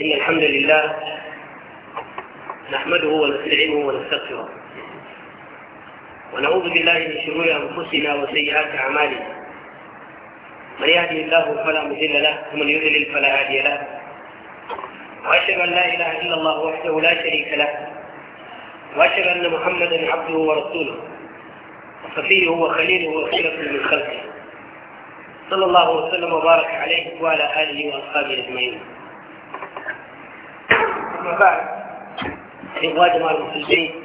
إن الحمد لله نحمده ونستعينه ونستغفره ونعوذ بالله من شرور أنفسنا وسيئات أعمالنا من يهده الله فلا مضل له ومن يضلل فلا هادي له وأشهد أن لا إله إلا الله وحده لا شريك له وأشهد أن محمدا عبده ورسوله وصفيه وخليله وخيرة من خلقه صلى الله وسلم وبارك عليه وعلى آله وأصحابه أجمعين أما بعد المسلمين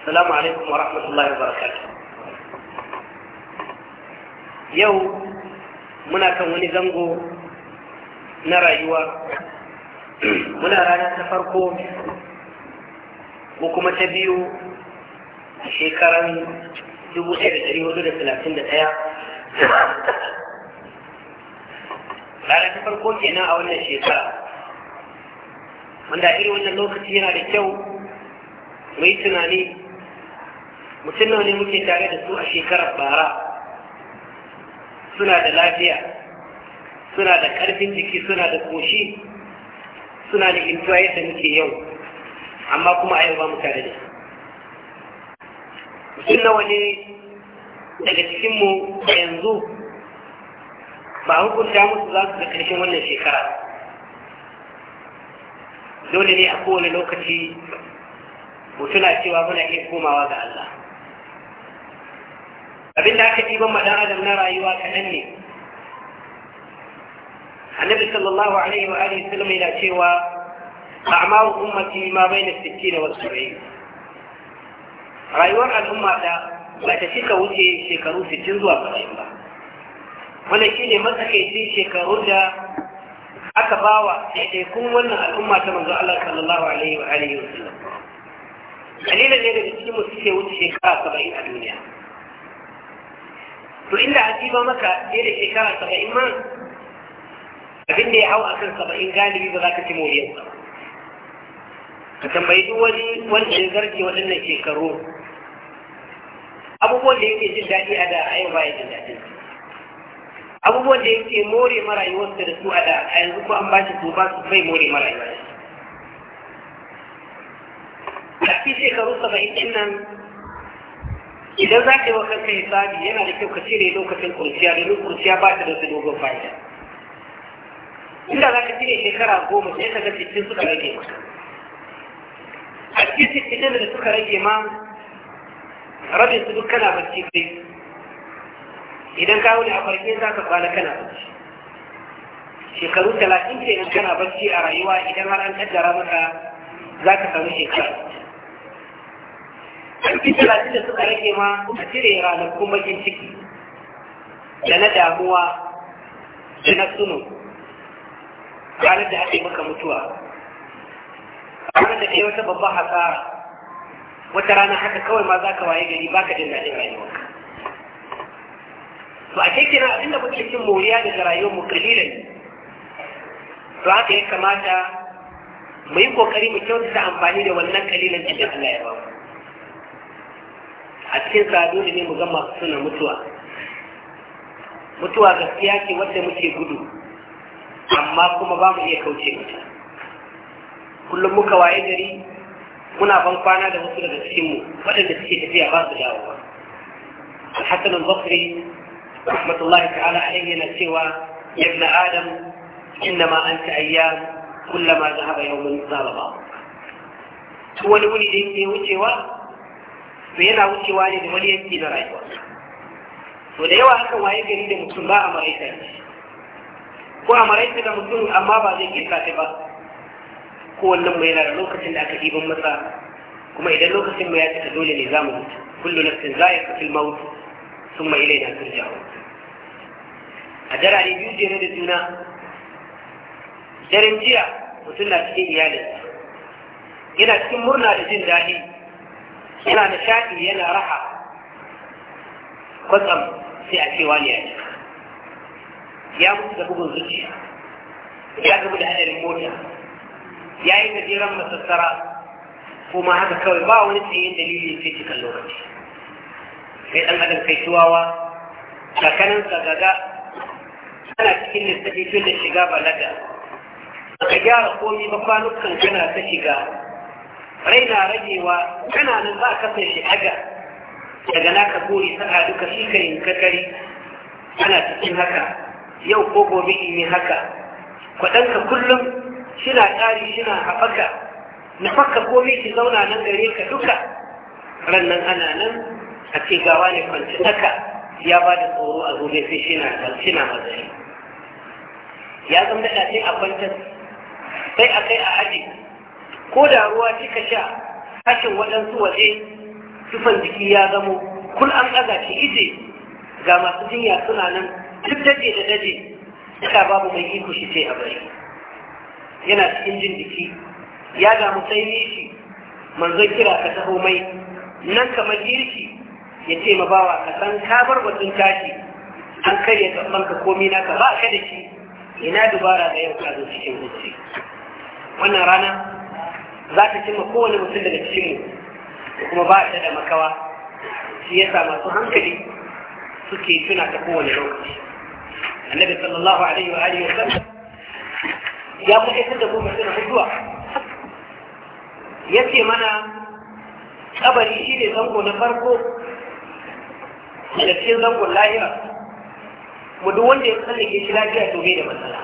السلام عليكم ورحمة الله وبركاته muna kan wani zango na rayuwa muna rana ta farko ko kuma ta biyu a shekaran 1431 rana ta farko kenan a wannan shekara wanda iri wannan lokaci yana da kyau mu yi tunani mutum nawa ne muke tare da su a shekarar bara suna da lafiya suna da ƙarfin jiki suna da koshi suna da intuwa yadda muke yau amma kuma a yau ba mu tare da mutum nawa ne daga cikinmu yanzu ba hukunta musu za su da ƙarshen wannan shekara dole ne a kowane lokaci mu tuna cewa muna iya komawa ga Allah abin da aka ɗiban ma adam na rayuwa kaɗan ne annabi sallallahu alaihi wa Alaihi sallam yana cewa a'maru ummati ma bai sikki na wasu rai. rayuwar al'umma ta ba ta cika wuce shekaru 60 zuwa 70 ba shi ne matsakaicin shekarun da aka bawa kun wannan al'umma ta manzo Allah sallallahu alaihi wa alihi wa sallam kalilan ne daga cikin musu ke wuce shekara saba'in a duniya to inda a ba maka fiye da shekara saba'in ma abin da ya hau akan saba'in galibi ba za ka ci moriyarsa ka tambayi duk wani wanda ya zarge waɗannan shekaru abubuwan da yake jin daɗi a da a yau ba ya jin daɗinsa abubuwan da yake more marayuwarsa da su a da a yanzu ko an ba shi su ba su bai more marayuwa a fi shekaru saba'in ɗin nan idan za ka yi wa kanka hisabi yana da kyau ka cire lokacin kurciya domin kurciya ba ta da wasu dogon fa'ida inda za ka cire shekara goma sai ka ga cikin suka rage maka a cikin cikin da suka rage ma rabin su duk kana bacci kai idan ka wuni a farke za ka kwana kana bacci shekaru talatin ke in kana bacci a rayuwa idan har an kaddara maka za ka samu shekara ƙarfi talatin da suka rage ma a cire ranakun bakin ciki da na damuwa da na suno ranar da ake maka mutuwa ranar da ke wata babban hasara wata rana haka kawai ma za ka waye gari ba ka jin daɗin rayuwarka to a cikin abinda da muke cin moriya daga rayuwarmu mu kalilan to aka ya kamata mu yi kokari mu kyautata amfani da wannan kalilan da Allah ya ba mu a cikin sadu ne mu ga suna mutuwa mutuwa gaskiya ce wanda muke gudu amma kuma ba mu iya kauce mata kullum muka waye gari muna ban kwana da wasu daga cikinmu waɗanda suke tafiya ba su dawowa hasanan bakri رحمة الله تعالى yana cewa yabna adam innama anta ayyam kullama zahaba yawmun zalaba to wani wuni da yake wucewa to yana wucewa ne da wani yanki na rayuwa to yawa hakan waye a ko a maraita da mutum amma ba zai kirka ta ba ko wannan mai yana da lokacin da aka ɗiban masa kuma idan lokacin mai ya cika dole ne za mu mutu kullu nafsin za ya kafi ثم إلينا ترجعون أدرى لي بيوجي هذا الدنا جرم جيع وثلنا في إيالي هنا تكمرنا لزين ذاهي هنا نشاكي هنا راحة قدم في أكيواني أجل يا مستقب الزجي يا قبل هذا الموجة يا إن جرم مستسرى وما هذا كوي باو نتعين دليل في اللغة Sai ɗan adam kai tuwawa tsakaninsa gaga ana cikin littafi da shiga balaga ka gyara komi ba kwanukan kana ta shiga raina ragewa kana nan za ka san shi aga daga naka gori sa'a duka shi ka kakari ana cikin haka yau ko gobe in yi haka kwaɗanka kullum shina tsari shina haɓaka na fakka komai ki zauna nan gare ka duka Rannan ana nan Ake ce gawa ne kwanci taka ya ba da tsoro a zobe sai shi na mazari ya zama da sai a kwantar sai a kai a haɗe ko da ruwa kika sha kashin waɗansu waje sufan jiki ya zamo kul an ɗaga shi ije ga masu jinya suna nan duk daje da daje suka babu mai iko shi ce a bari yana cikin jin jiki ya damu sai shi manzon kira ka taho mai nan kamar girki ya ce ma bawa ka san ka bar batun tashi an kai ya gaban ka komi na ka ba ka da shi ina dubara da yau ka zo cikin zuci wannan rana za ta cimma kowane mutum daga cikin mu kuma ba ta da makawa shi ya sa masu hankali suke tuna ta kowane lokaci annabi sallallahu alaihi wa alihi wa sallam ya kuma da ku mutum huduwa ya ce mana kabari shi ne zango na farko da cikin zangon lahira mu duk wanda ya tsallake shi lafiya to bai da matsala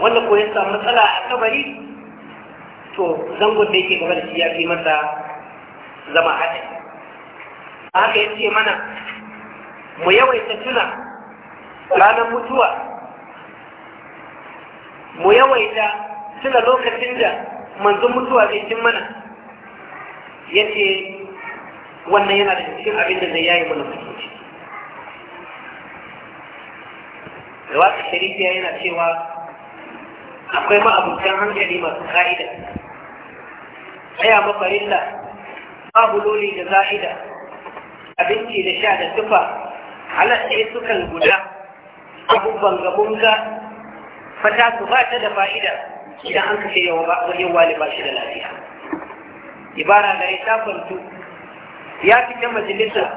wanda ko ya samu matsala a kabari to zangon da yake gaba da shi ya fi masa zama haɗari haka ya ce mana mu yawaita tuna ranar mutuwa mu yawaita tuna lokacin da manzon mutuwa zai cin mana ya ce wannan yana da cikin abin da zai yayi mana mutunci da sharifiya yana cewa akwai ma'abutan hankali masu ka'ida Aya mafarilla babu loli da za'ida abinci da sha da tufa halatta sukan guda abubuwan gabun ga fata su ba ta da fa'ida idan an kashe yawan wali ba shi da lafiya ibara da ya shafantu ya fita majalisar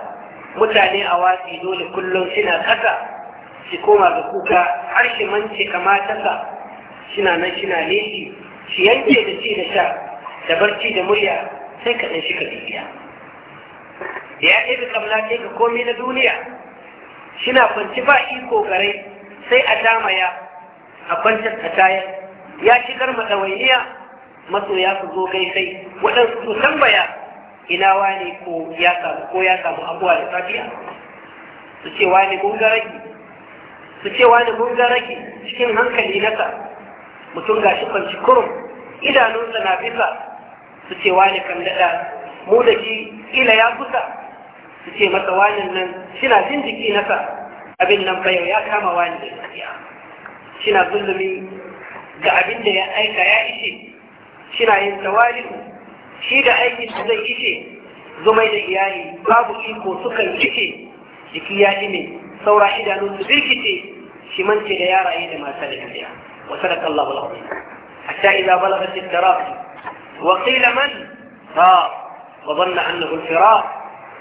mutane a watsi dole kullum suna kasa shi koma ga kuka har shi mance tasa, suna nan suna leji shi yanke da ci da sha da barci da murya sai ɗan shi ka bibiya ya ɗaya kamla ke ga komai na duniya shina kwanci ba iko garai sai a damaya a kwanci a tayar ya shigar maɗawainiya masoya su zo gaisai waɗansu sun tambaya ina wani ko ya samu ko ya samu abuwa da tafiya? su ce wani mun ga rage su ce wani mun ga rage cikin hankali nasa mutum ga shi kwanci kurum idanunsa na bisa su ce wani kan daɗa mu da shi ila ya kusa su ce masa wani nan shina jin jiki nasa abin nan bayo ya kama wani da tafiya. shina zulumi ga abin da ya aika ya ishe shina yin tawali'u shi da aikin da zai ice zumai da iyali babu iko sukan ice jiki ya ne saura idanu su birkice shi mance da yara da mata da duniya wa sadaka Allahu al-azim hatta idza balagat at-taraqi wa qila man ha wa dhanna annahu al-firaq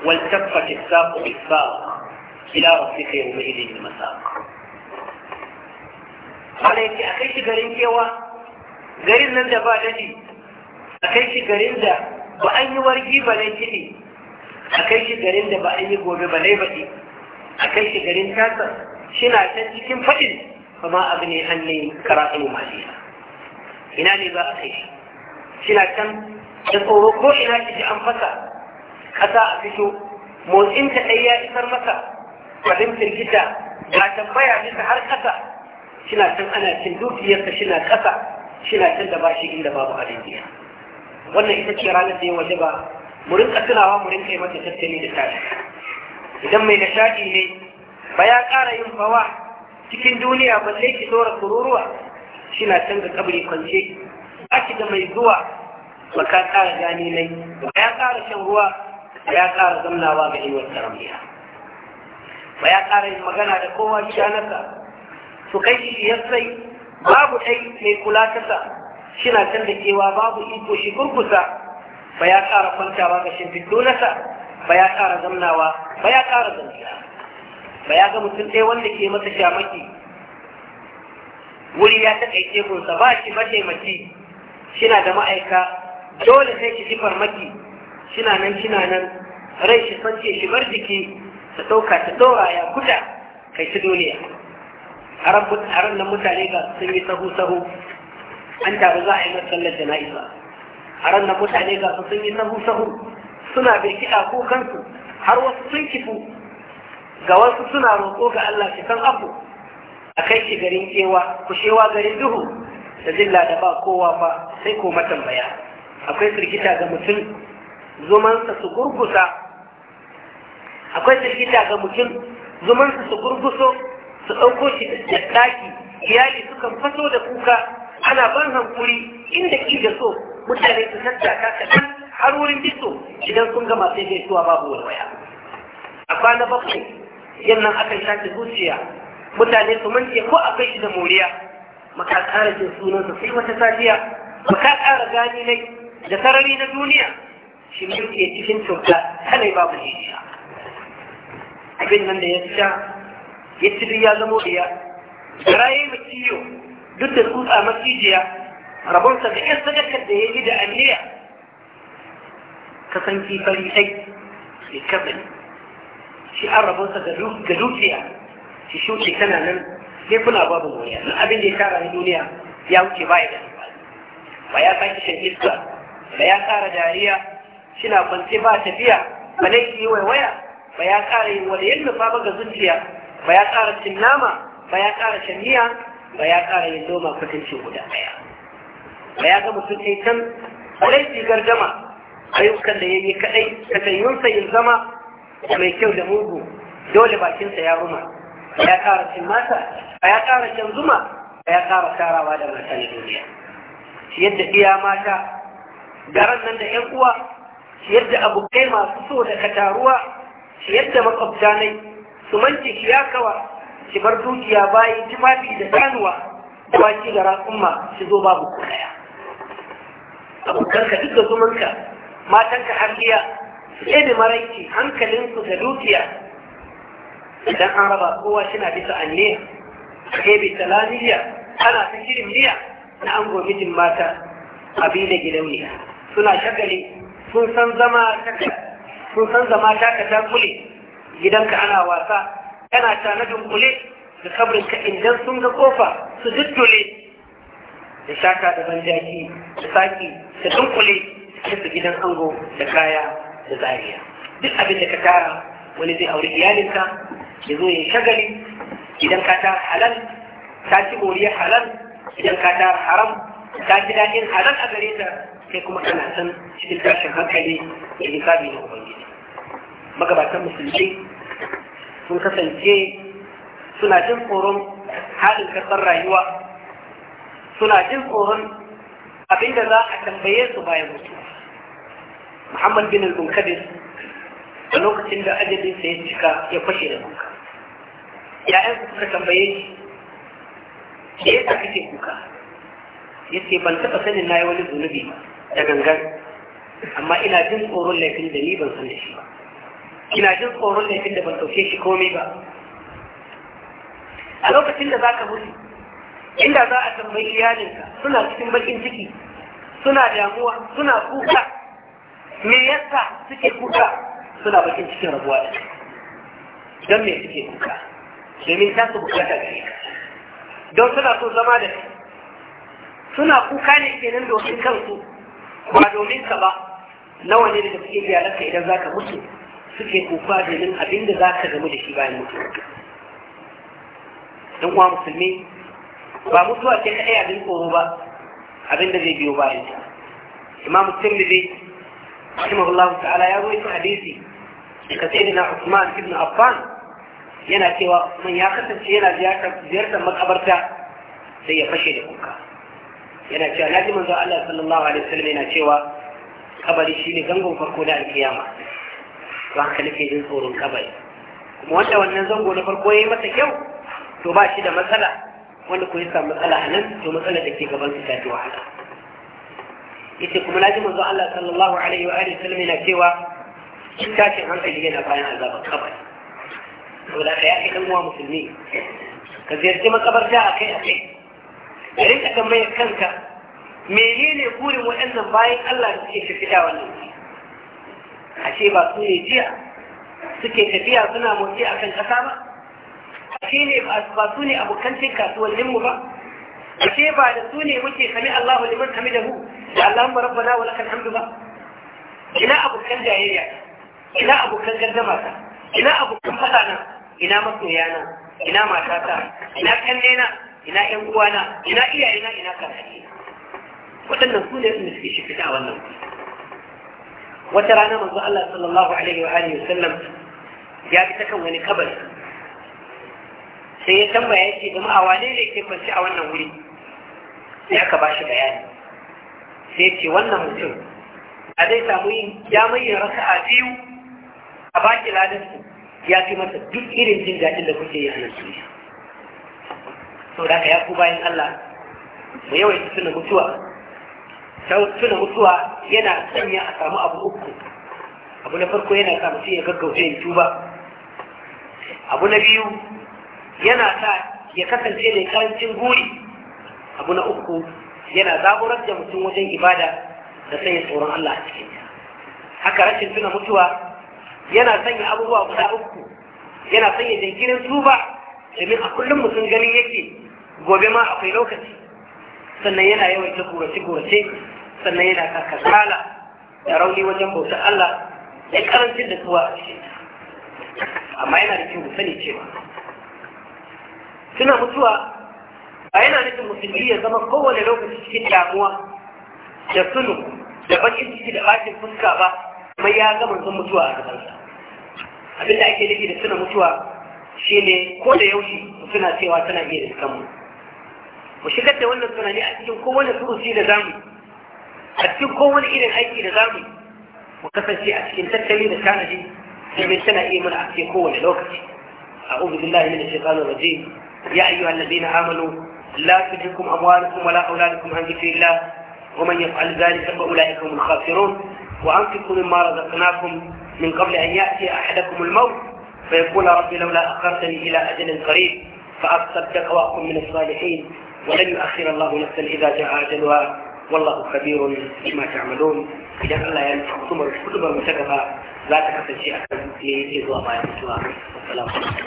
wal taffat as-saq bis-saq ila rabbika yawma idhin al-masaq halaiki akai shi garin kewa garin nan da ba dadi a kai shi garin da ba an yi wargi ba ne kiɗi a kai shi garin da ba an yi gobe ba ne baɗi a kai shi garin tasa na can cikin faɗin kuma abu ne an ne ma maliya ina ne za a kai shi na can da tsoro ko ina shi ji an fasa ƙasa a fito motsin ta ɗai ya isar masa fahimtar gida ga tambaya nisa har ƙasa na can ana cin dukiyarsa shina ƙasa na can da ba shi inda babu abin biya wannan ita ce ranar da ya waje ba Murin rinka murin kai mata tattali da tashi idan mai nishaɗi ne ba ya ƙara yin fawa cikin duniya ba sai ki tsora kururuwa Shi na canza kabri kwance ba ki da mai zuwa ba ka ƙara gani nai ba ya ƙara shan ruwa ba ya ƙara zamnawa ga inuwar karamiya ba ya ƙara yin magana da kowa shanaka su kai shi yasai babu ɗai mai kula ta sa shi na can da kewa babu iko shi kurkusa ba ya ƙara kwantawa ga na sa. ba ya ƙara zamnawa ba ya ƙara zamniya ba ya ga mutum ɗaya wanda ke masa shamaki wuri ya taƙaice kunsa ba shi mataimaki shina da ma'aika dole sai ki ji farmaki shina nan shina nan rai shi ce shi bar jiki ta ɗauka ta ɗora ya guda kai ta duniya haram nan mutane ga sun yi sahu sahu an taru za a yi matsalar jana'iza a ran mutane ga su sun yi sahu sahu suna bai kiɗa ko kansu har wasu sun kifu ga wasu suna roƙo ga Allah shi san abu a kai shi garin kewa ku shewa garin duhu da zilla da ba kowa ba sai ko matambaya akwai firgita ga mutum zumansa su gurgusa akwai firgita ga mutum zumansa su gurguso su ɗauko shi da ɗaki iyali sukan faso da kuka ana ban hankuri inda ki da so mutane su tattaka kaɗan har wurin biso idan sun gama sai gaisuwa babu walwaya a kwana bakwai yannan aka shafe zuciya mutane su mance ko akwai shi da moriya maka ƙara jin sunansa sai wata safiya maka ƙara gani nai da sarari na duniya shi mulki cikin cuta kanai babu jijiya abin nan da ya sha ya ci ya zamo da ya raye duk da tsutsa macijiya rabonsa da yan sadakar da ya yi da anniya kasanci fari sai ya kasance shi an rabonsa ga dukiya shi shuke tana nan sai kuna babu wani duk abin da ya kara na duniya ya wuce ya da ba ya sake shan iska ba ya kara dariya shina kwance ba tafiya ba na yi waiwaya ba ya kara yin wani yadda ba ga zuciya ba ya kara cin nama ba ya kara shan miya ba ya ƙara yin noma kusurci guda ɗaya ba ya ga mutum sai can kwarai A yi ayyukan da ya yi kaɗai kasayyunsa yin zama mai kyau da mugu dole bakinsa ya ruma ba ya ƙara cin mata ba ya ƙara can zuma ba ya ƙara tarawa da mata na duniya yadda iya mata garan nan da 'yan uwa yadda abokai masu so da kataruwa yadda makwabta su manci kawar. bar dukiya bayan tufafi da kanuwa ba shi da raƙumma shi zo babu kulaya abokanka duk da zumunka matanka hangiya sai da maraiki hankalinsu da dukiya idan an raba kowa shi na bisa anniya ke bi talamiya ana ta shirin miya na an mijin mata abin da gidauniya suna shagali sun san zama sun san zama ta ka gidanka ana wasa kana tana dunkule da kabrin ka idan sun ga kofa su duddule da shaka da banjaki da saki da dunkule da su gidan ango da kaya da zariya duk abin da ka tara wani zai auri iyalinka ya zo ya shagali idan ka tara halal ta ci moriyar halal idan ka tara haram ta ji daɗin halal a gare ta sai kuma kana san cikin tashin hankali da hisabi na ubangiji magabatan musulmi sun kasance suna jin tsoron halin kasar rayuwa suna jin tsoron abinda za a tambaye su bayan mutu muhammad bin al-munkadir a lokacin da ajalinsa ya cika ya fashe da kuka ya'yan suka tambaye shi da yasa ke kuka ya ce ban taɓa sanin na yi wani zunubi da gangan amma ina jin tsoron laifin da ni ban san da shi ba ina jin tsoron laifin da ban ɗauke shi komai ba a lokacin da za ka mutu inda za a tambayi iyalinka suna cikin bakin ciki suna damuwa suna kuka me yasa suke kuka suna bakin cikin rabuwa da don me suke kuka domin ta su bukata gare ka don suna so zama da kai suna kuka ne kenan domin kansu ba domin ka ba nawa ne da suke iyalanka idan za ka mutu suke kuka domin abin da za ka gamu da shi bayan mutuwa don kuma musulmi ba mutuwa ce kaɗai abin koro ba abin da zai biyo bayan ta imamu tirmidhi rahimahullahu ta'ala ya rawaito hadisi ka sai da na Usman ibn Affan yana cewa Usman ya kasance yana ziyartar makabarta sai ya fashe da kuka yana cewa na ji manzo Allah sallallahu alaihi wasallam yana cewa kabari shi ne gangon farko da alkiyama to haka nake jin tsoron kabari kuma wanda wannan zango na farko ya yi masa kyau to ba shi da matsala wanda ko ya samu matsala a nan to matsala da ke gaban su tafi fi wahala yace kuma na ji manzo Allah sallallahu alaihi wa alihi sallam yana cewa in tashin hankali yana bayan azabar kabari saboda ka yaƙi ɗan uwa musulmi ka ziyarci makabarta a kai a kai ka rinka tambayar kanka menene burin waɗannan bayan Allah da suke fifita wannan ashe ba su ne jiya suke tafiya suna motsi a kan ƙasa ba ashe ne ba su ne abokancin kasuwanninmu ba ashe ba da su ne muke sami Allahu liman kami da da Allahumma rabbana wa lakal hamdu ba ina abokan jayayya ina abokan gardama ta ina abokan fada na ina masoya na ina mata ta? ina kanne na ina ƴan na? ina iyayena ina kakashi waɗannan su ne su suke shi fita a wannan wata rana manzo Allah sallallahu alaihi wa alihi wasallam ya bi takan wani kabari sai ya tambaya yake jama'a wane ne ke kwanci a wannan wuri sai aka ba shi bayani sai ya ce wannan mutum a zai samu yin ya rasa a biyu a baki ya fi masa duk irin jin daɗin da kuke yi a nan duniya. Sau da ya ku bayan Allah mu yawaita suna mutuwa tuna mutuwa yana sanya a samu abu uku abu na farko yana sa mutum ya gaggauta ya tuba abu na biyu yana sa ya kasance mai karancin guri abu na uku yana zaburar da mutum wajen ibada da sanya tsoron Allah a cikin haka rashin tuna mutuwa yana sanya abubuwa guda uku yana sanya jinkirin tuba domin a kullum mutum ganin yake gobe ma akwai lokaci sannan yana yawan ta gurace gurace sannan yana kan kasala da rauni wajen bauta Allah ya karancin da tuwa a cikin amma yana da kyau sani cewa suna mutuwa ba yana nufin musulmi ya zama kowane lokaci cikin damuwa da sunu da bakin ciki da bakin fuska ba kuma ya gama zan mutuwa a gabansa abinda ake nufi da suna mutuwa shine ko da yaushe suna cewa tana iya da mu mu shigar da wannan tunani a cikin kowane furusi da zamu a duk wani irin aiki da zamu mu kasance a cikin tattali da tanaji domin tana iya mana a cikin kowane lokaci أعوذ بالله من الشيطان الرجيم يا أيها الذين آمنوا لا تلهكم أموالكم ولا أولادكم عن ذكر الله ومن يفعل ذلك فأولئك هم الخاسرون وأنفقوا مما رزقناكم من قبل أن يأتي أحدكم الموت فيقول ربي لولا أخرتني إلى أجل قريب فأصدق وأكن من الصالحين ولن يؤخر الله نفسا إذا جاء أجلها والله خبير بما تعملون إذا الله ينفع ثمر الكتب المتكفى لا تكفى شيئا لإذ ما يتوى والسلام عليكم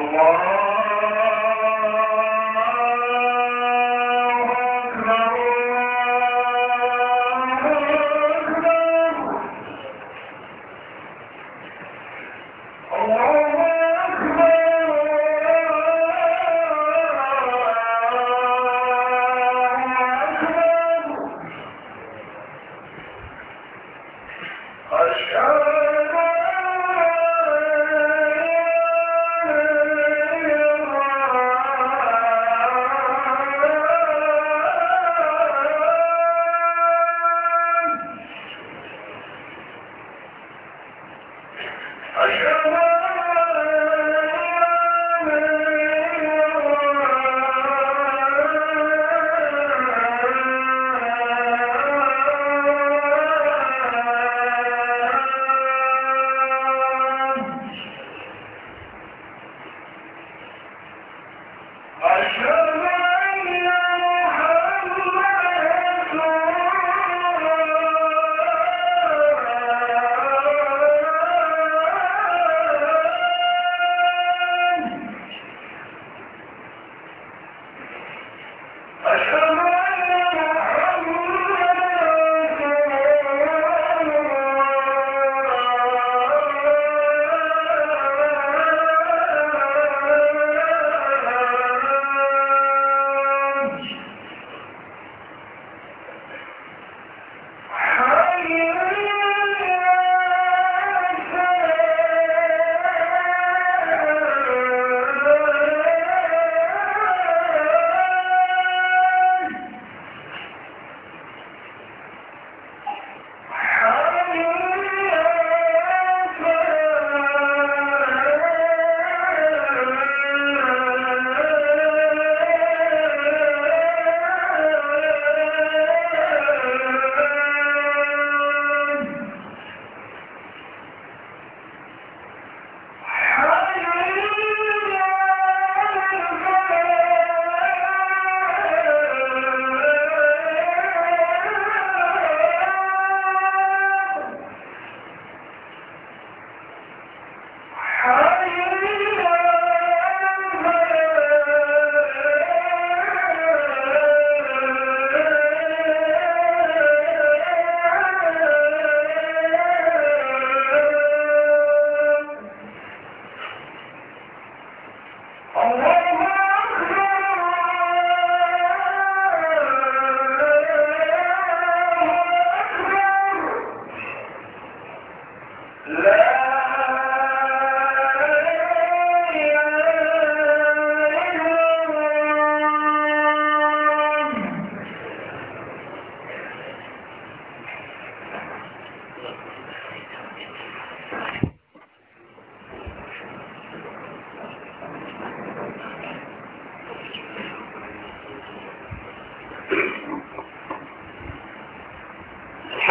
الله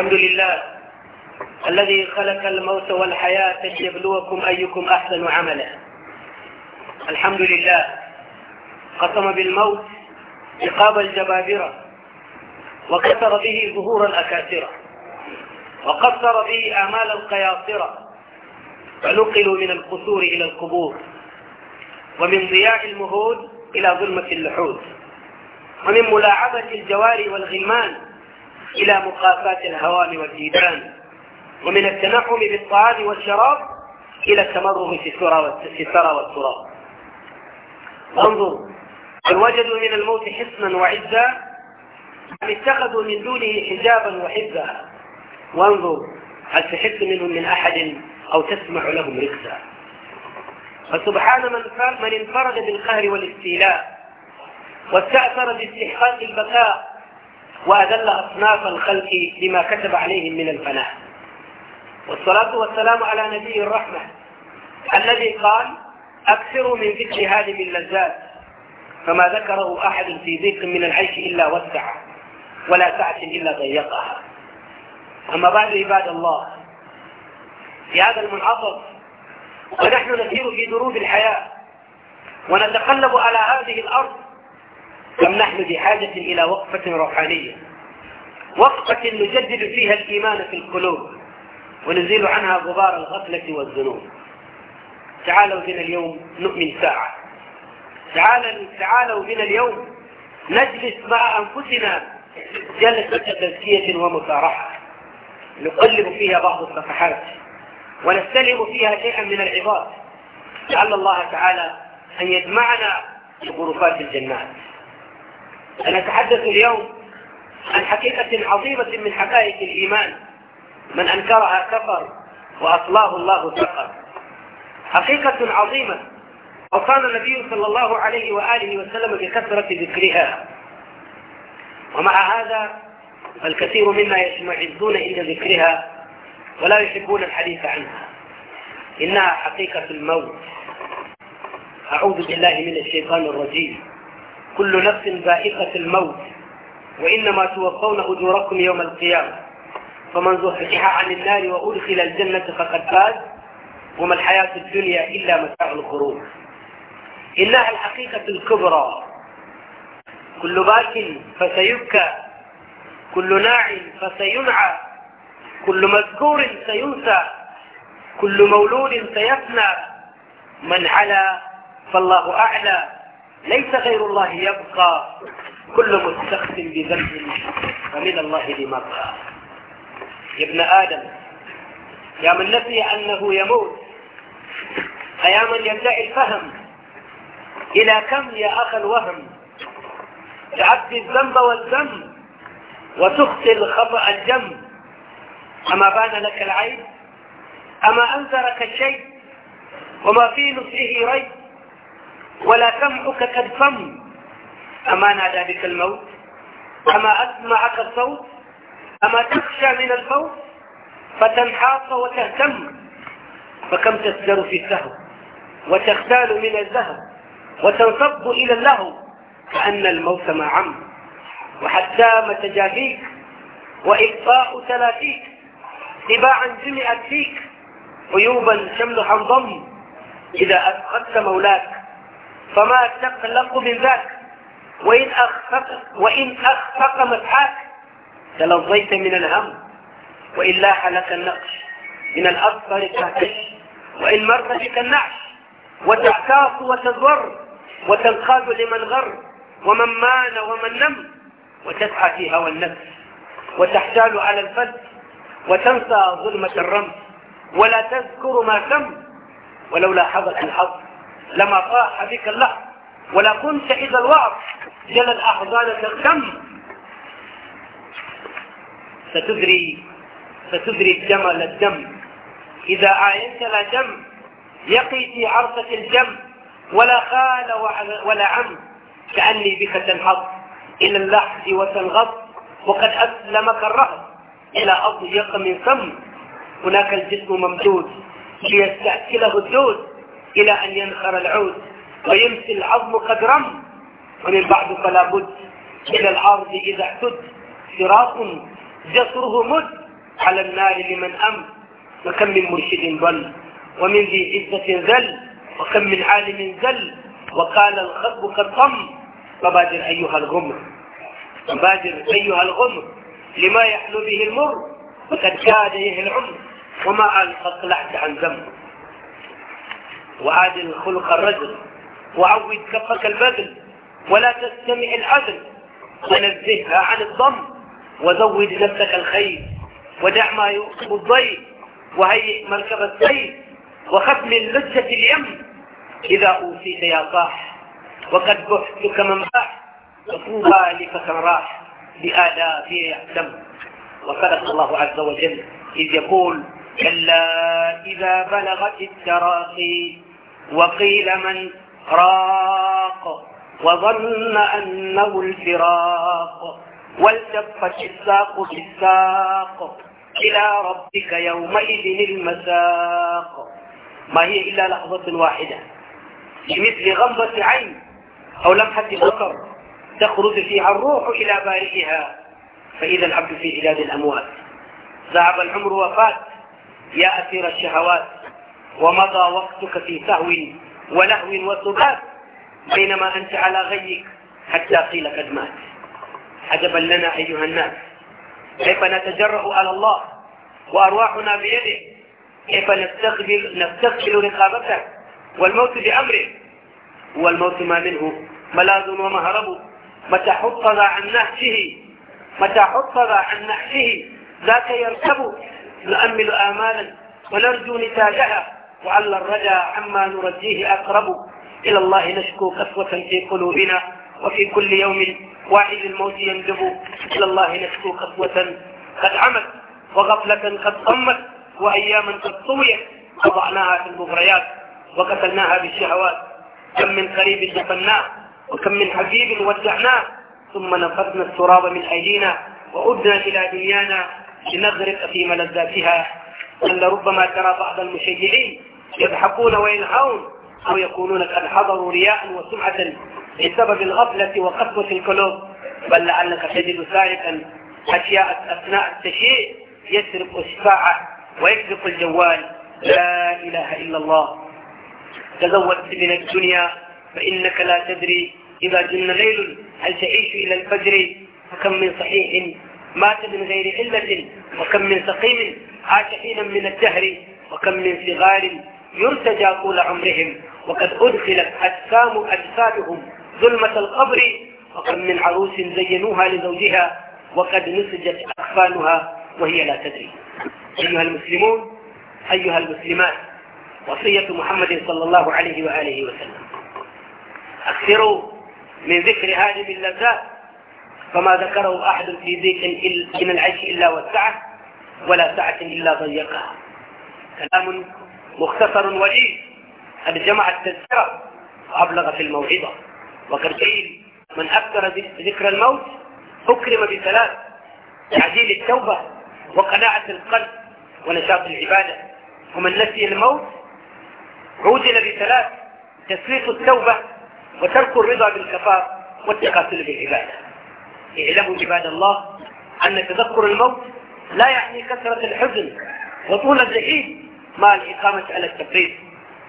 الحمد لله الذي خلق الموت والحياة ليبلوكم أيكم أحسن عملا الحمد لله قسم بالموت عقاب الجبابرة وكسر به ظهور الأكاسرة وقصر به آمال القياصرة ونقلوا من القصور إلى القبور ومن ضياع المهود إلى ظلمة اللحود ومن ملاعبة الجواري والغلمان إلى مخافات الهوام والديدان ومن التنعم بالطعام والشراب إلى التمرغ في الثرى والتراب انظر هل وجدوا من الموت حصنا وعزا أم اتخذوا من دونه حجابا وحزا وانظر هل تحس منهم من أحد أو تسمع لهم ركزا فسبحان من من انفرد بالقهر والاستيلاء واستأثر باستحقاق البكاء وأذل أصناف الخلق بما كتب عليهم من الفناء والصلاة والسلام على نبي الرحمة الذي قال أكثروا من ذكر هادم اللذات فما ذكره أحد في ذكر من العيش إلا وسع ولا سعة إلا ضيقها أما بعد عباد الله في هذا المنعطف ونحن نسير في دروب الحياة ونتقلب على هذه الأرض أم نحن بحاجة إلى وقفة روحانية وقفة نجدد فيها الإيمان في القلوب ونزيل عنها غبار الغفلة والذنوب تعالوا بنا اليوم نؤمن ساعة تعالوا, تعالوا بنا اليوم نجلس مع أنفسنا جلسة تزكية ومصارحة نقلب فيها بعض الصفحات ونستلم فيها شيئا من العباد لعل الله تعالى أن يجمعنا في غرفات الجنات سنتحدث اليوم عن حقيقة عظيمة من حقائق الإيمان من أنكرها كفر وأصلاه الله سقر حقيقة عظيمة وقال النبي صلى الله عليه وآله وسلم بكثرة ذكرها ومع هذا الكثير منا يشمعزون عند ذكرها ولا يحبون الحديث عنها إنها حقيقة الموت أعوذ بالله من الشيطان الرجيم كل نفس ذائقة الموت وإنما توفون أجوركم يوم القيامة فمن زحزح عن النار وأدخل الجنة فقد فاز وما الحياة الدنيا إلا متاع الغرور إنها الحقيقة الكبرى كل باك فسيبكى كل ناع فسينعى كل مذكور سينسى كل مولود سيفنى من علا فالله أعلى ليس غير الله يبقى كل مستخف بذنب فمن الله لمبقى يا ابن آدم يا من نسي أنه يموت أيا من يدعي الفهم إلى كم يا أخ الوهم تعدي الذنب والذنب وتخطي الخطأ الجم أما بان لك العين أما أنذرك الشيء وما في نفسه ريب ولا سمعك كالفم أما نادى بك الموت أما أسمعك الصوت أما تخشى من الفوت فتنحاط وتهتم فكم تسجر في السهو وتختال من الذهب وتنصب إلى اللهو كأن الموت ما عم وحتام تجافيك وإقطاع تلافيك تباعا جمعت فيك عيوبا شمل حنظم إذا أفقدت مولاك فما تقلق من ذاك وإن أخفق وإن أخفق مسحاك تلظيت من الهم وإن لاح لك النقش من الأصفر تهتش وإن مرت بك النعش وتعتاص وتزور وتنقاد لمن غر ومن مان ومن نم وتسعى في هوى النفس وتحتال على الفلس وتنسى ظلمة الرمس ولا تذكر ما تم ولو لاحظت الحظ لما طاح بك الله ولا كنت إذا الوعظ جل الأحضان الكم ستدري ستدري الجمل الدم إذا عاينت لا دم يقي في عرفة الجم ولا خال ولا عم كأني بك تنهض إلى اللحظ وتنغض وقد أسلمك الرهب إلى أضيق من فم هناك الجسم ممدود ليستأكله الدود إلى أن ينخر العود ويمسي العظم قد رم وللبعض فلا بد إلى العرض إذا اعتد صراط جسره مد على النار لمن أم وكم من مرشد ضل ومن ذي عزة ذل وكم من عالم ذل وقال الخطب قد طم فبادر أيها الغمر فبادر أيها الغمر لما يحلو به المر وقد كاد يهي العمر وما قد طلعت عن ذنبه وعادل خلق الرجل وعود كفك البذل ولا تستمع العدل ونزهها عن الضم وزود نفسك الخير ودع ما يؤصب الضيف وهيئ مركب السيف وخف من لجة اليم إذا أوصيت يا صاح وقد بحتك من بح وطوبى لفكر راح بآلاف يعتم وصدق الله عز وجل إذ يقول كلا إذا بلغت التراخي وقيل من راق وظن أنه الفراق والتفت الساق بالساق إلى ربك يومئذ المساق ما هي إلا لحظة واحدة لمثل غمضة عين أو لمحة بصر تخرج فيها الروح إلى بارئها فإذا العبد في بلاد الأموات ذهب العمر وفات يا أسير الشهوات ومضى وقتك في سهو ولهو وسباب بينما أنت على غيك حتى قيل قد مات عجبا لنا أيها الناس كيف نتجرأ على الله وأرواحنا بيده كيف نستقبل, نستقبل رقابته والموت بأمره والموت ما منه ملاذ ومهرب متى حفظ عن نهشه متى حفظ عن نهشه ذاك يركب نؤمل آمالا ونرجو نتاجها وعل الرجا عما نرجيه أقرب إلى الله نشكو قسوة في قلوبنا وفي كل يوم واحد الموت يندب إلى الله نشكو قسوة قد عمت وغفلة قد صمت وأياما قد طويت وضعناها في المغريات وقتلناها بالشهوات كم من قريب دفناه وكم من حبيب ودعناه ثم نفذنا التراب من أيدينا وأدنا إلى دنيانا لنغرق في ملذاتها أن ربما ترى بعض المشجعين يضحكون وينهون أو يكونون قد حضروا رياء وسمعة بسبب الغفلة وقسوة القلوب بل لعلك تجد سارقا أشياء أثناء التشيء يسرق الشفاعة ويسرق الجوال لا إله إلا الله تزود من الدنيا فإنك لا تدري إذا جن ليل هل تعيش إلى الفجر فكم من صحيح مات من غير علة وكم من سقيم عاش حينا من الدهر وكم من صغار يرتجى طول عمرهم وقد أدخلت أجسام أجسادهم ظلمة القبر وكم من عروس زينوها لزوجها وقد نسجت اقفالها وهي لا تدري أيها المسلمون أيها المسلمات وصية محمد صلى الله عليه وآله وسلم أكثروا من ذكر هذه اللذات فما ذكره أحد في ذيق من العيش إلا والسعة ولا سعة إلا ضيقها كلام مختصر وليد قد جمع التذكرة وأبلغ في الموعظة وقد قيل من أكثر ذكر الموت أكرم بثلاث تعديل التوبة وقناعة القلب ونشاط العبادة ومن نسي الموت عوزل بثلاث تسليط التوبة وترك الرضا بالكفار والتقاتل بالعبادة اعلموا عباد الله أن تذكر الموت لا يعني كثرة الحزن وطول الزحيم مع الإقامة على التقريب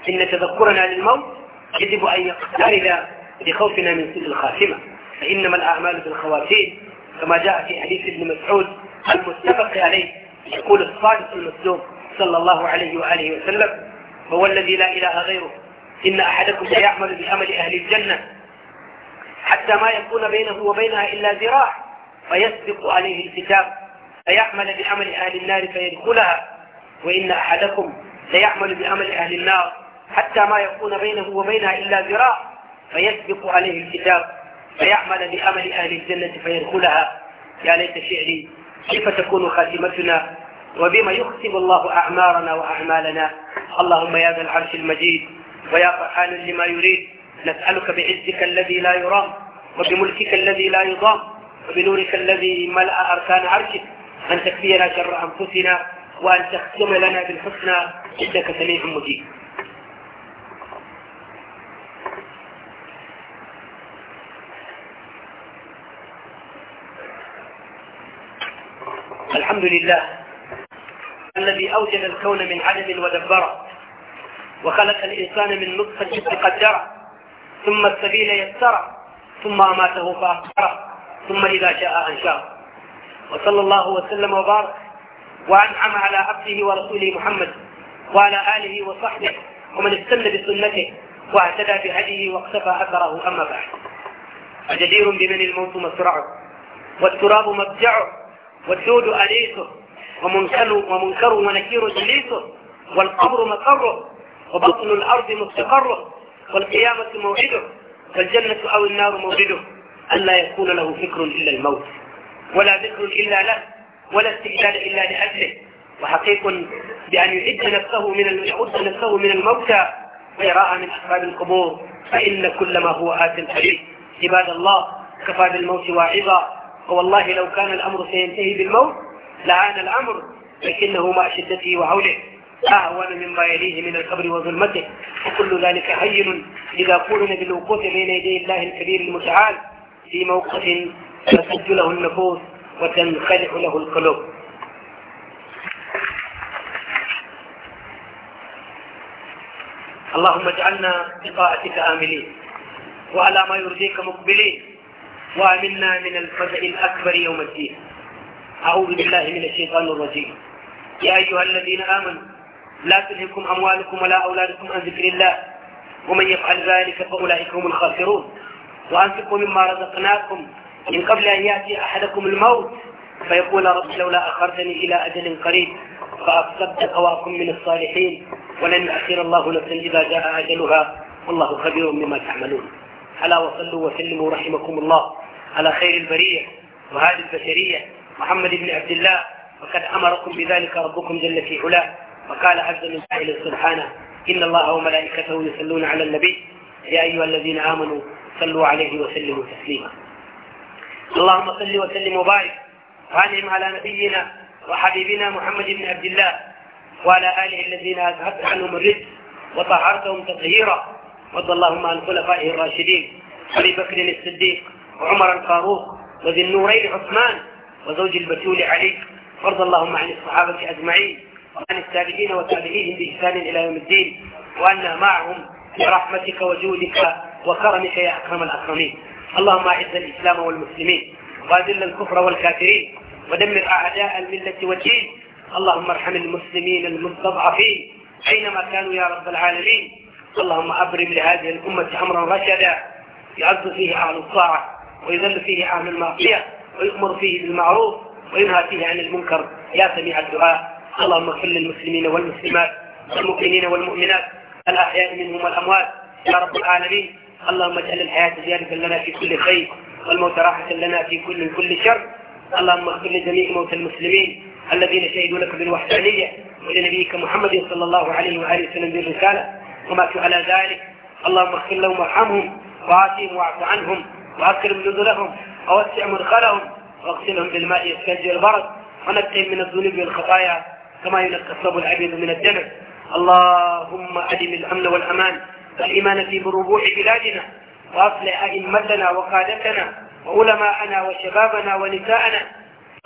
إن تذكرنا للموت يجب أن يقترب لخوفنا من سوء الخاتمة فإنما الأعمال بالخواتيم كما جاء في حديث ابن مسعود المتفق عليه يقول الصادق المسلوم صلى الله عليه وآله وسلم هو الذي لا إله غيره إن أحدكم لا يعمل بعمل أهل الجنة حتى ما يكون بينه وبينها إلا ذراع فيسبق عليه الكتاب فيعمل بعمل أهل النار فيدخلها وإن أحدكم ليعمل بعمل أهل النار حتى ما يكون بينه وبينها إلا ذراع فيسبق عليه الكتاب فيعمل بعمل أهل الجنة فيدخلها يا ليت شعري كيف تكون خاتمتنا وبما يختم الله أعمارنا وأعمالنا اللهم يا ذا العرش المجيد ويا فرحان لما يريد نسألك بعزك الذي لا يرام وبملكك الذي لا يضام وبنورك الذي ملأ أركان عرشك أن تكفينا شر أنفسنا وأن تختم لنا بالحسنى إنك سميع مجيب الحمد لله الذي أوجد الكون من عدم ودبره وخلق الإنسان من نطفة قدره ثم السبيل يسره ثم أماته فأخره ثم إذا شاء أنشاه وصلى الله وسلم وبارك وأنعم على عبده ورسوله محمد وعلى آله وصحبه ومن استنى بسنته واهتدى بهديه واقتفى أثره أما بعد فجدير بمن الموت مسرعه والتراب مضجعه والدود أليسه ومنكر, ومنكر ونكير جليسه والقبر مقره وبطن الأرض مستقره والقيامة موعده والجنة أو النار موعده ألا يكون له فكر إلا الموت ولا ذكر إلا له ولا استعداد إلا لأجله وحقيق بأن يعد نفسه من يعد نفسه من الموتى ويراها من أسباب القبور فإن كل ما هو آت قريب عباد الله كفى بالموت واعظا فوالله لو كان الأمر سينتهي بالموت لعان الأمر لكنه مع شدته وهوله أهون مما يليه من القبر وظلمته وكل ذلك هين إذا قولنا بالوقوف بين يدي الله الكبير المتعال في موقف تسد له النفوس وتنخلع له القلوب اللهم اجعلنا بطاعتك آملين وعلى ما يرضيك مقبلين وأمنا من الفزع الأكبر يوم الدين أعوذ بالله من الشيطان الرجيم يا أيها الذين آمنوا لا تلهكم أموالكم ولا أولادكم عن ذكر الله ومن يفعل ذلك فأولئك هم الخاسرون وأنفقوا مما رزقناكم من قبل أن يأتي أحدكم الموت فيقول رب لولا أخرتني إلى أجل قريب فأفسدت قواكم من الصالحين ولن يؤخر الله نفسا إذا جاء أجلها والله خبير بما تعملون ألا وصلوا وسلموا رحمكم الله على خير البرية وهذه البشرية محمد بن عبد الله وقد أمركم بذلك ربكم جل في علاه وقال عز من قائل سبحانه إن الله وملائكته يصلون على النبي يا أيها الذين آمنوا صلوا عليه وسلموا تسليما اللهم صل وسلم وبارك وانعم على نبينا وحبيبنا محمد بن عبد الله وعلى آله الذين أذهبت عنهم الرزق وطهرتهم تطهيرا وارض اللهم عن خلفائه الراشدين أبي بكر الصديق وعمر الفاروق وذي النورين عثمان وزوج البتول علي وارض اللهم عن الصحابة أجمعين وعن التابعين وتابعيهم بإحسان إلى يوم الدين وانا معهم برحمتك وجودك وكرمك يا أكرم الأكرمين اللهم اعز الإسلام والمسلمين وأذل الكفر والكافرين ودمر أعداء الملة والدين اللهم ارحم المسلمين المستضعفين أينما كانوا يا رب العالمين اللهم أبرم لهذه الأمة أمرا رشدا يعز فيه أهل الطاعة ويذل فيه أهل المعصية ويؤمر فيه بالمعروف وينهى فيه عن المنكر يا سميع الدعاء اللهم اغفر للمسلمين والمسلمات والمؤمنين والمؤمنات الأحياء منهم والأموات يا رب العالمين اللهم اجعل الحياة زيادة لنا في كل خير والموت راحة لنا في كل كل شر اللهم اغفر لجميع موتى المسلمين الذين شهدوا لك بالوحدانية ولنبيك محمد صلى الله عليه وآله وسلم بالرسالة وماتوا على ذلك اللهم اغفر لهم وارحمهم وعافهم واعف عنهم واكرم نزلهم ووسع مدخلهم واغسلهم بالماء الثلج والبرد ونقهم من الذنوب والخطايا كما ينقى الصب العبيد من الدنس اللهم أدم الأمن والأمان الإيمان في بربوح بلادنا وأصلح أئمتنا وقادتنا وعلماءنا وشبابنا ونساءنا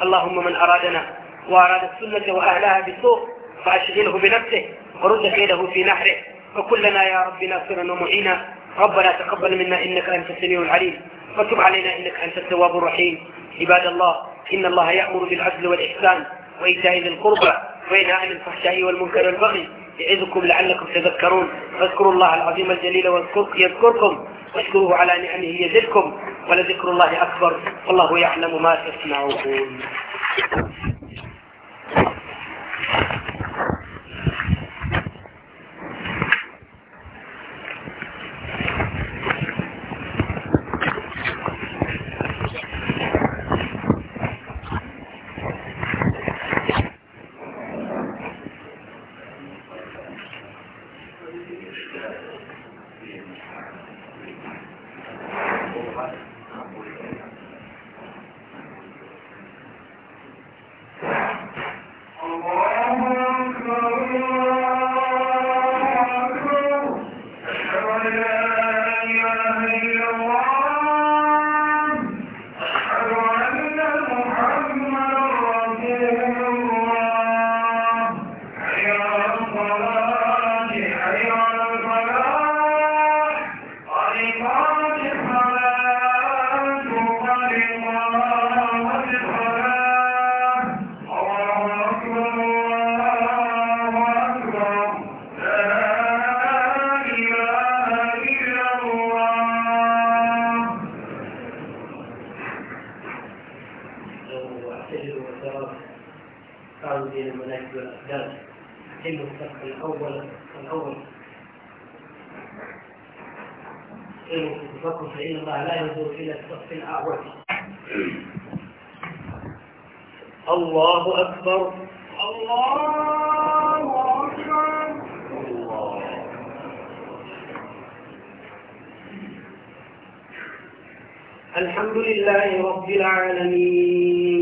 اللهم من أرادنا وأراد السنة وأهلها بسوء فأشغله بنفسه ورد كيده في نحره وكلنا يا رب ناصرا ومعينا ربنا تقبل منا إنك أنت السميع العليم وتب علينا إنك أنت التواب الرحيم عباد الله إن الله يأمر بالعدل والإحسان وإيتاء ذي القربى وينهى عن الفحشاء والمنكر والبغي يعظكم لعلكم تذكرون فاذكروا الله العظيم الجليل يذكركم واشكروه على نعمه يزدكم ولذكر الله أكبر والله يعلم ما تصنعون الخير والشرف قالوا بين المناهج والأقدام حكيم الصف الأول الأول تفكر فإن الله لا ينظر إلى الصف الأعوج الله أكبر الله الحمد لله رب العالمين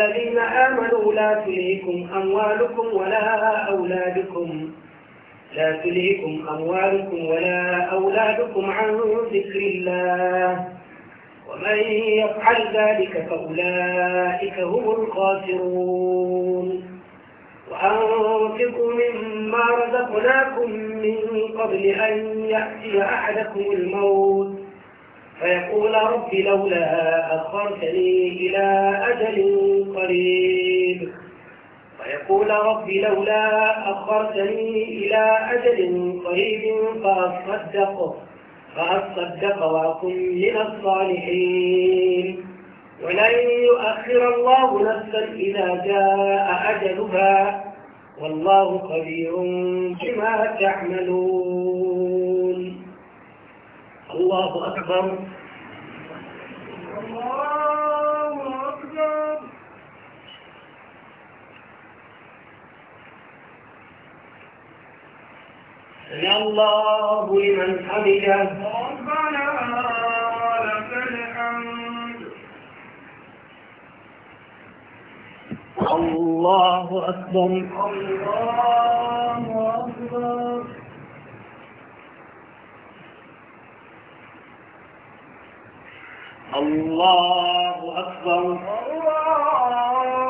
الذين آمنوا لا تليكم أموالكم ولا أولادكم لا تليكم أموالكم ولا أولادكم عن ذكر الله ومن يفعل ذلك فأولئك هم الخاسرون وأنفقوا مما رزقناكم من قبل أن يأتي أحدكم الموت فيقول رب لولا أخرتني إلى أجل قريب ويقول رب لولا أخرتني إلى أجل قريب فأصدق فأصدق وأكن من الصالحين ولن يؤخر الله نفسا إذا جاء أجلها والله خبير بما تعملون الله أكبر يا الله لمن حمده ربنا ولك الحمد الله أكبر الله أكبر الله أكبر الله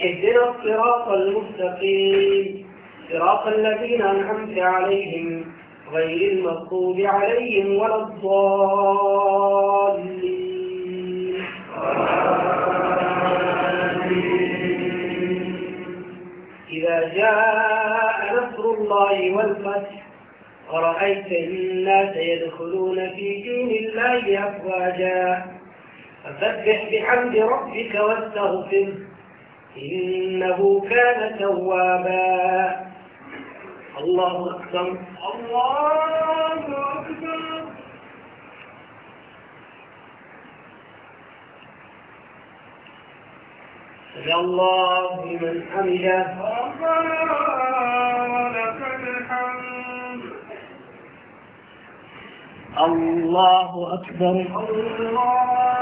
اهدنا الصراط المستقيم صراط الذين أنعمت عليهم غير المغضوب عليهم ولا الضالين إذا جاء نصر الله والفتح ورأيت الناس يدخلون في دين الله أفواجا فسبح بحمد ربك واستغفره إنه كان توابا الله أكبر الله أكبر سمع الله من حمده ربنا ولك الحمد الله أكبر الله